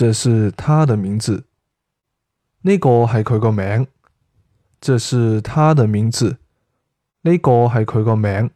這是他的名字，呢個係佢個名。這是他的名字，呢個係佢個名。